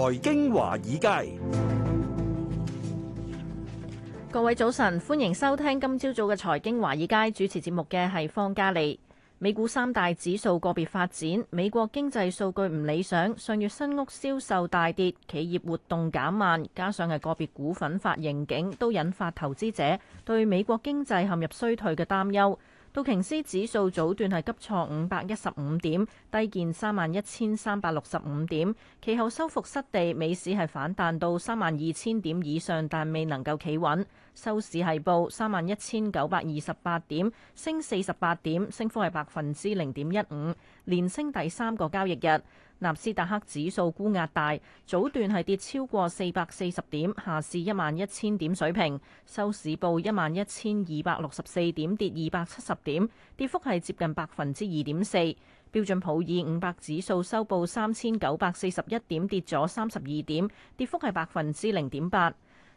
財經華爾街，各位早晨，歡迎收聽今朝早嘅財經華爾街，主持節目嘅係方嘉莉。美股三大指數個別發展，美國經濟數據唔理想，上月新屋銷售大跌，企業活動減慢，加上係個別股份發盈警，都引發投資者對美國經濟陷入衰退嘅擔憂。道瓊斯指數早段係急挫五百一十五點，低見三萬一千三百六十五點，其後收復失地，美市係反彈到三萬二千點以上，但未能夠企穩。收市係報三萬一千九百二十八點，升四十八點，升幅係百分之零點一五，連升第三個交易日。納斯達克指數沽壓大，早段係跌超過四百四十點，下試一萬一千點水平，收市報一萬一千二百六十四點，跌二百七十點，跌幅係接近百分之二點四。標準普爾五百指數收報三千九百四十一點，跌咗三十二點，跌幅係百分之零點八。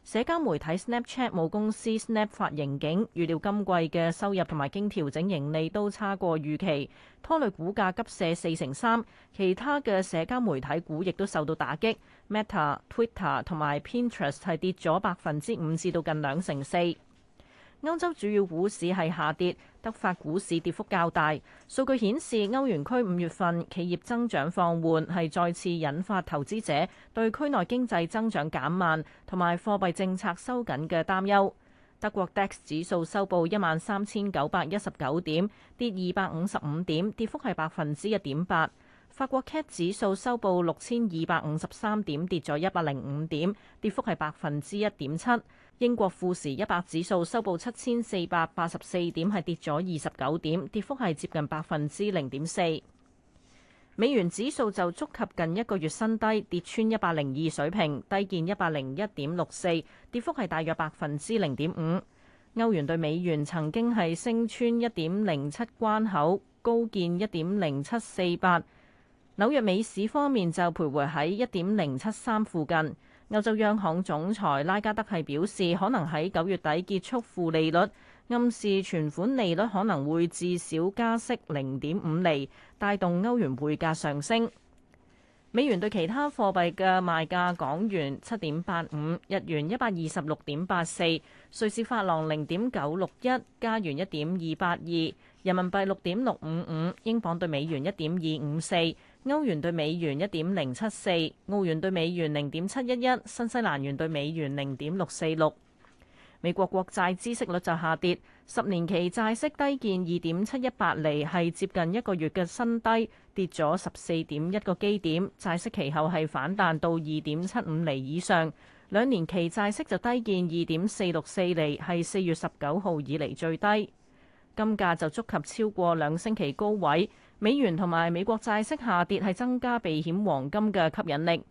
社交媒體 Snapchat 母公司 Snap 發盈警，預料今季嘅收入同埋經調整盈利都差過預期，拖累股價急跌四成三。其他嘅社交媒體股亦都受到打擊，Meta、Met a, Twitter 同埋 Pinterest 係跌咗百分之五至到近兩成四。歐洲主要股市係下跌，德法股市跌幅較大。數據顯示，歐元區五月份企業增長放緩，係再次引發投資者對區內經濟增長減慢同埋貨幣政策收緊嘅擔憂。德國 DAX 指數收報一萬三千九百一十九點，跌二百五十五點，跌幅係百分之一點八。法國 CAC 指數收報六千二百五十三點，跌咗一百零五點，跌幅係百分之一點七。英國富時一百指數收報七千四百八十四點，係跌咗二十九點，跌幅係接近百分之零點四。美元指數就觸及近一個月新低，跌穿一百零二水平，低見一百零一點六四，跌幅係大約百分之零點五。歐元對美元曾經係升穿一點零七關口，高見一點零七四八。紐約美市方面就徘徊喺一點零七三附近。歐洲央行總裁拉加德係表示，可能喺九月底結束負利率，暗示存款利率可能會至少加息零點五厘，帶動歐元匯價上升。美元對其他貨幣嘅賣價港元七點八五，日元一百二十六點八四，瑞士法郎零點九六一，加元一點二八二，人民幣六點六五五，英鎊對美元一點二五四。歐元對美元一點零七四，澳元對美元零點七一一，新西蘭元對美元零點六四六。美國國債孳息率就下跌，十年期債息低見二點七一八厘，係接近一個月嘅新低，跌咗十四點一個基點。債息其後係反彈到二點七五厘以上。兩年期債息就低見二點四六四厘，係四月十九號以嚟最低。金價就觸及超過兩星期高位。美元同埋美國債息下跌係增加避險黃金嘅吸引力。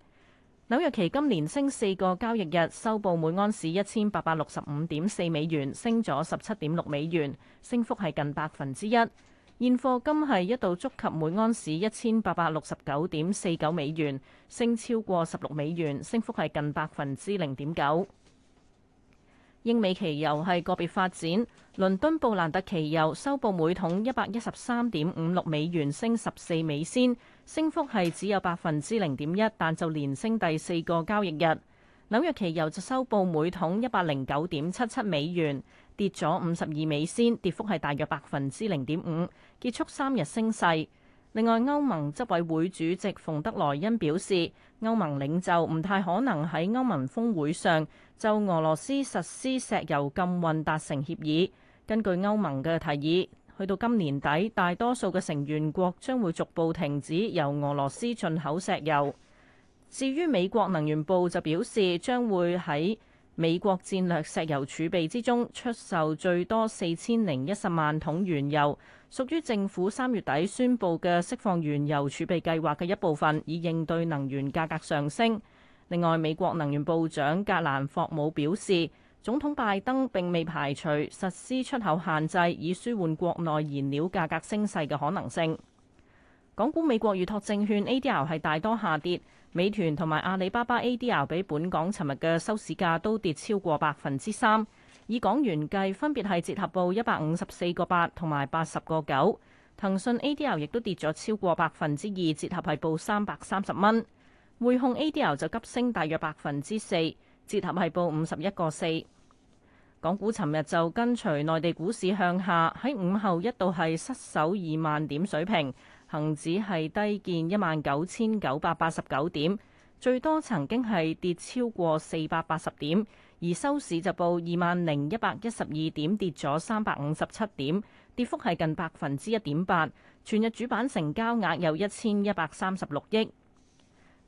紐約期金連升四個交易日，收報每安士一千八百六十五點四美元，升咗十七點六美元，升幅係近百分之一。現貨金係一度觸及每安士一千八百六十九點四九美元，升超過十六美元，升幅係近百分之零點九。英美期油係個別發展，倫敦布蘭特期油收報每桶一百一十三點五六美元，升十四美仙，升幅係只有百分之零點一，但就連升第四個交易日。紐約期油就收報每桶一百零九點七七美元，跌咗五十二美仙，跌幅係大約百分之零點五，結束三日升勢。另外，歐盟執委會主席馮德萊恩表示，歐盟領袖唔太可能喺歐盟峰會上就俄羅斯實施石油禁運達成協議，根據歐盟嘅提議，去到今年底，大多數嘅成員國將會逐步停止由俄羅斯進口石油。至於美國能源部就表示，將會喺美國戰略石油儲備之中出售最多四千零一十萬桶原油，屬於政府三月底宣布嘅釋放原油儲備計劃嘅一部分，以應對能源價格上升。另外，美國能源部長格蘭霍姆表示，總統拜登並未排除實施出口限制，以舒緩國內燃料價格升勢嘅可能性。港股美國預託證券 ADR 係大多下跌。美團同埋阿里巴巴 ADR 比本港尋日嘅收市價都跌超過百分之三，以港元計分別係折合報一百五十四個八同埋八十個九。騰訊 ADR 亦都跌咗超過百分之二，折合係報三百三十蚊。匯控 ADR 就急升大約百分之四，折合係報五十一個四。港股尋日就跟隨內地股市向下，喺午後一度係失守二萬點水平。恒指係低見一萬九千九百八十九點，最多曾經係跌超過四百八十點，而收市就報二萬零一百一十二點，跌咗三百五十七點，跌幅係近百分之一點八。全日主板成交額有一千一百三十六億。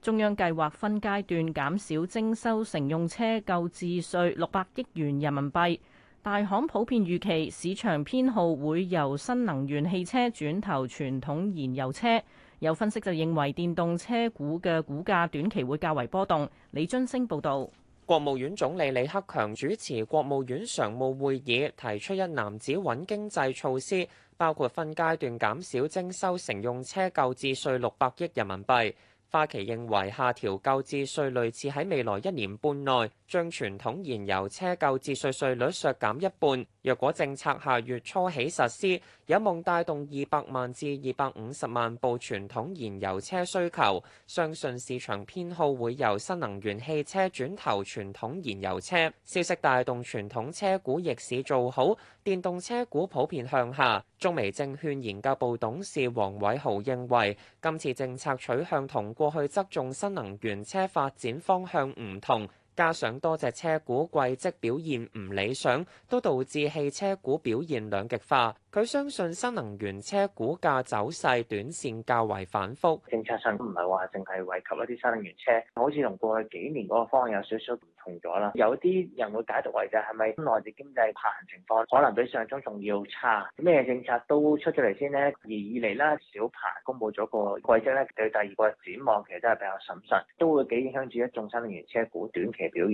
中央計劃分階段減少徵收乘用車購置稅六百億元人民幣。大行普遍預期市場偏好會由新能源汽車轉投傳統燃油車，有分析就認為電動車股嘅股價短期會較為波動。李津星報導，國務院總理李克強主持國務院常務會議，提出一攬子穩經濟措施，包括分階段減少徵收乘用車購置稅六百億人民幣。花旗認為下調購置稅類似喺未來一年半內。將傳統燃油車購置稅稅率削減一半。若果政策下月初起實施，有望帶動二百萬至二百五十萬部傳統燃油車需求。相信市場偏好會由新能源汽車轉投傳統燃油車。消息帶動傳統車股逆市做好，電動車股普遍向下。中微證券研究部董事王偉豪認為，今次政策取向同過去側重新能源車發展方向唔同。加上多隻車股季績表現唔理想，都導致汽車股表現兩極化。佢相信新能源車股價走勢短線較為反覆。政策上都唔係話淨係惠及一啲新能源車，好似同過去幾年嗰個方向有少少唔同咗啦。有啲人會解讀為就係咪內地經濟下行情況可能比上週仲要差？咩政策都出咗嚟先呢？而以嚟啦，小鵬公布咗個季績咧，對第二個展望其實都係比較審慎，都會幾影響住一眾新能源車股短期。表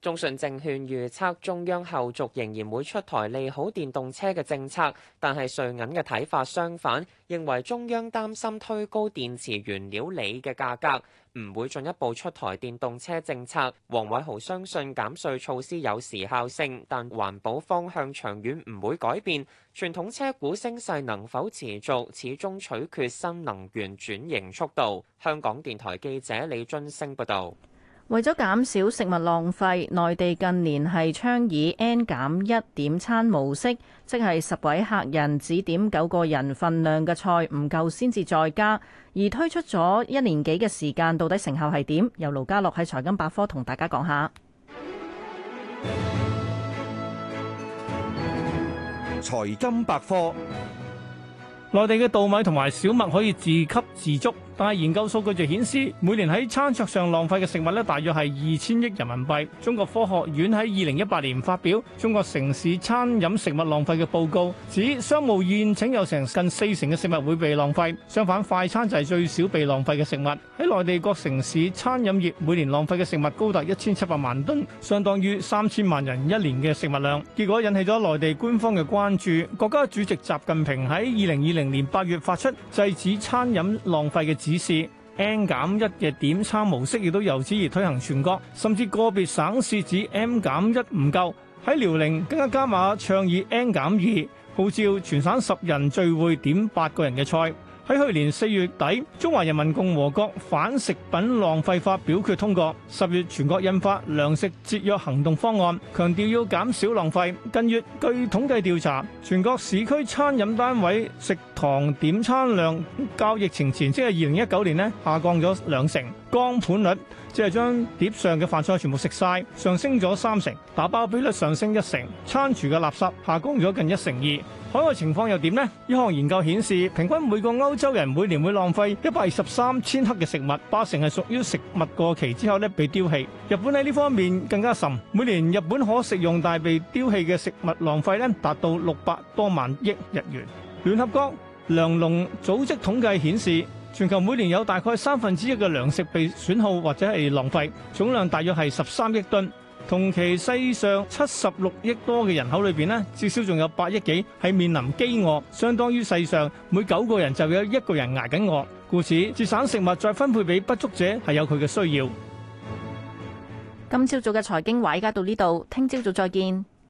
中信證券預測中央後續仍然會出台利好電動車嘅政策，但係瑞銀嘅睇法相反，認為中央擔心推高電池原料鋰嘅價格，唔會進一步出台電動車政策。黃偉豪相信減稅措施有時效性，但環保方向長遠唔會改變。傳統車股升勢能否持續，始終取決新能源轉型速度。香港電台記者李津升報道。為咗減少食物浪費，內地近年係倡議 N 減一點餐模式，即係十位客人只點九個人份量嘅菜，唔夠先至再加。而推出咗一年幾嘅時間，到底成效係點？由盧家樂喺財金百科同大家講下。財金百科，內地嘅稻米同埋小麥可以自給自足。但係研究數據就顯示，每年喺餐桌上浪費嘅食物呢，大約係二千億人民幣。中國科學院喺二零一八年發表《中國城市餐飲食物浪費嘅報告》，指商務宴請有成近四成嘅食物會被浪費，相反快餐就係最少被浪費嘅食物。喺內地各城市餐飲業每年浪費嘅食物高達一千七百萬噸，相當於三千萬人一年嘅食物量。結果引起咗內地官方嘅關注，國家主席習近平喺二零二零年八月發出制止餐飲浪費嘅指示 N 減一嘅點餐模式亦都由此而推行全國，甚至個別省市指 N 減一唔夠，喺遼寧更加加碼倡議 N 減二，號召全省十人聚會點八個人嘅菜。喺去年四月底，中華人民共和國反食品浪費法表決通過。十月全國印發糧食節約行動方案，強調要減少浪費。近月據統計調查，全國市區餐飲單位食堂點餐量較疫情前，即係二零一九年呢下降，咗兩成，光盤率即係將碟上嘅飯菜全部食晒，上升咗三成，打包比率上升一成，餐廚嘅垃圾下降咗近一成二。海外情況又點呢？一項研究顯示，平均每個歐洲人每年會浪費一百二十三千克嘅食物，八成係屬於食物過期之後呢被丟棄。日本喺呢方面更加甚，每年日本可食用但被丟棄嘅食物浪費呢達到六百多萬億日元。聯合國糧農組織統計顯示，全球每年有大概三分之一嘅糧食被損耗或者係浪費，總量大約係十三億噸。同期世上七十六億多嘅人口裏邊咧，至少仲有八億幾係面臨飢餓，相當於世上每九個人就有一個人捱緊餓。故此，節省食物再分配俾不足者，係有佢嘅需要。今朝早嘅財經華爾街而家到呢度，聽朝早再見。